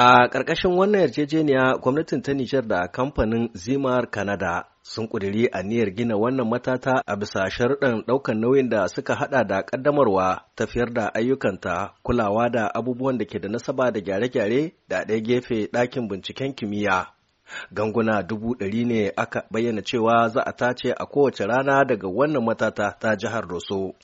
A ƙarƙashin wannan yarjejeniya gwamnatin ta Nijar da kamfanin Zimar Canada sun ƙudiri niyyar gina wannan matata a bisa sharuɗan ɗaukar nauyin da suka haɗa da ƙaddamarwa tafiyar da ayyukanta kulawa da abubuwan da ke da nasaba da gyare-gyare da ɗaya gefe ɗakin binciken kimiyya. Ganguna dubu ɗari ne aka bayyana cewa za a tace a kowace rana daga wannan matata ta jihar Doso.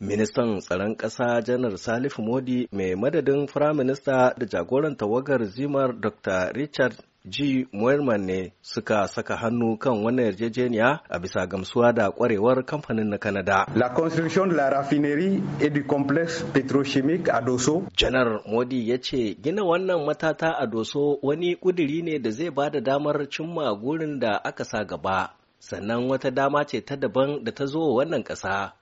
Ministan tsaron ƙasa janar Salifu Modi mai madadin Firaminista da jagoran tawagar zimar Dr. Richard G. Moerman ne suka saka hannu kan wannan yarjejeniya a bisa gamsuwa da kwarewar kamfanin na Canada. La construction la raffinerie et du complexe petrochimique a Doso. Janar Modi ya ce gina wannan matata a Doso wani kuduri ne da zai bada damar cimma gurin da aka sa gaba. Sannan wata dama ce ta daban da ta zo wannan ƙasa.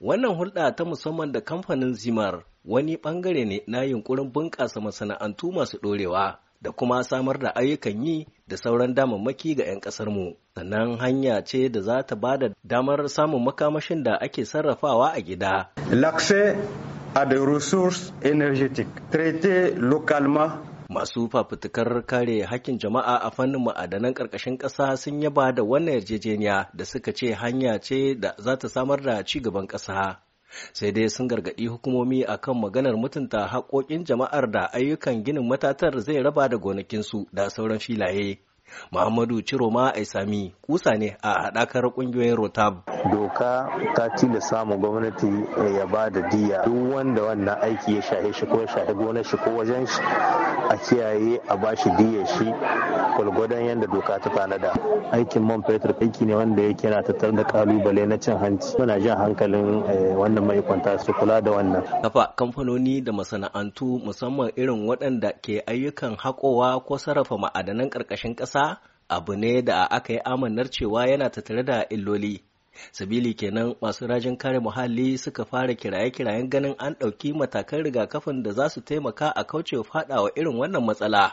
Wannan hulɗa ta musamman da kamfanin Zimar wani ɓangare ne na yunƙurin bunƙasa masana'antu masu ɗorewa da kuma samar da ayyukan yi da sauran damammaki ga 'yan ƙasarmu. Sannan hanya ce da za ta ba da damar samun makamashin da ake sarrafawa a gida. L'accès à des ressources énergétiques traitées localement Masu fafutukar kare hakkin jama'a a fannin ma'adanan ƙarƙashin ƙasa sun yaba da wannan yarjejeniya da suka ce hanya ce da za ta samar da ci gaban ƙasa. Sai dai sun gargaɗi hukumomi akan maganar mutunta haƙoƙin jama'ar da ayyukan ginin matatar zai raba da gonakinsu da sauran filaye. Muhammadu Ciroma Aisami kusa ne a haɗakar ƙungiyoyin Rotab. doka ta tilasta samun gwamnati eh, ya ba da diya duk wanda wannan aiki ya shahe shi ko ya shahe gonar shi ko wajen shi a kiyaye a ba shi diya shi gwalgwadon yadda doka ta tanada aikin man fetur aiki ne wanda yake na tattar da kalubale na cin hanci muna jan hankalin eh, wannan maikwanta su kula da wannan kafa kamfanoni da masana'antu musamman irin waɗanda ke ayyukan haƙowa ko sarrafa ma'adanan ƙarƙashin ƙasa abu ne da aka yi amannar cewa yana tattare da illoli sabili kenan masu rajin kare muhalli suka fara kiraye-kirayen ganin an ɗauki matakan rigakafin da za su taimaka a kauce faɗawa irin wannan matsala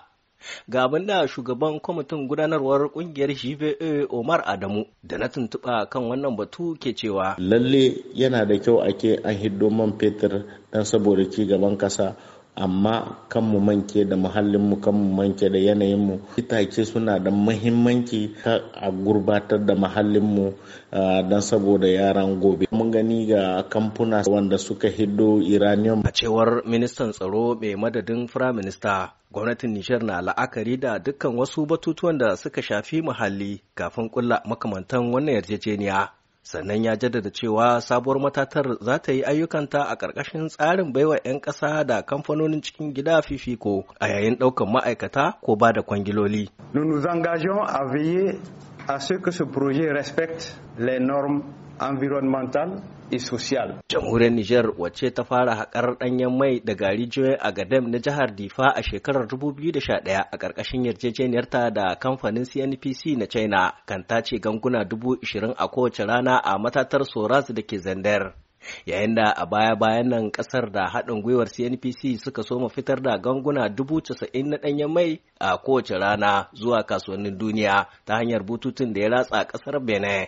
ga abin da shugaban kwamitin gudanarwar kungiyar gva omar adamu da na tuntuɓa kan wannan batu ke cewa lalle yana da kyau ake an hiddo man fetur don saboda ci gaban ƙasa. amma kanmu manke da muhallinmu kanmu manke da yanayinmu itace suna da mahimmanci a gurbatar da muhallinmu don saboda yaran gobe mun gani ga kamfuna wanda suka hiddo iranium a cewar ministan tsaro mai madadin firaminista gwamnatin nijar na la'akari da dukkan wasu batutuwan da suka shafi muhalli kafin kulla makamantan wannan yarjejeniya sannan ya jaddada cewa sabuwar matatar za ta yi ayyukanta a ƙarƙashin tsarin baiwa 'yan ƙasa da kamfanonin cikin gida fifiko a yayin ɗaukar ma'aikata ko ba da kwangiloli. Nous nous engageons à veiller à ce les normes environnementales et Jamhuriyar Nijar wacce ta fara haƙar ɗanyen mai da daga a gadam na jihar Difa a shekarar 2011 a ƙarƙashin ta da kamfanin CNPC na China kan tace ganguna 20,000 a kowace rana a matatar Soras da ke Zandar. yayin da a baya-bayan nan ƙasar da haɗin gwiwar cnpc suka soma fitar da ganguna dubu casa'in na ɗanyen mai a kowace rana zuwa kasuwannin duniya ta hanyar bututun da ya ratsa ƙasar benin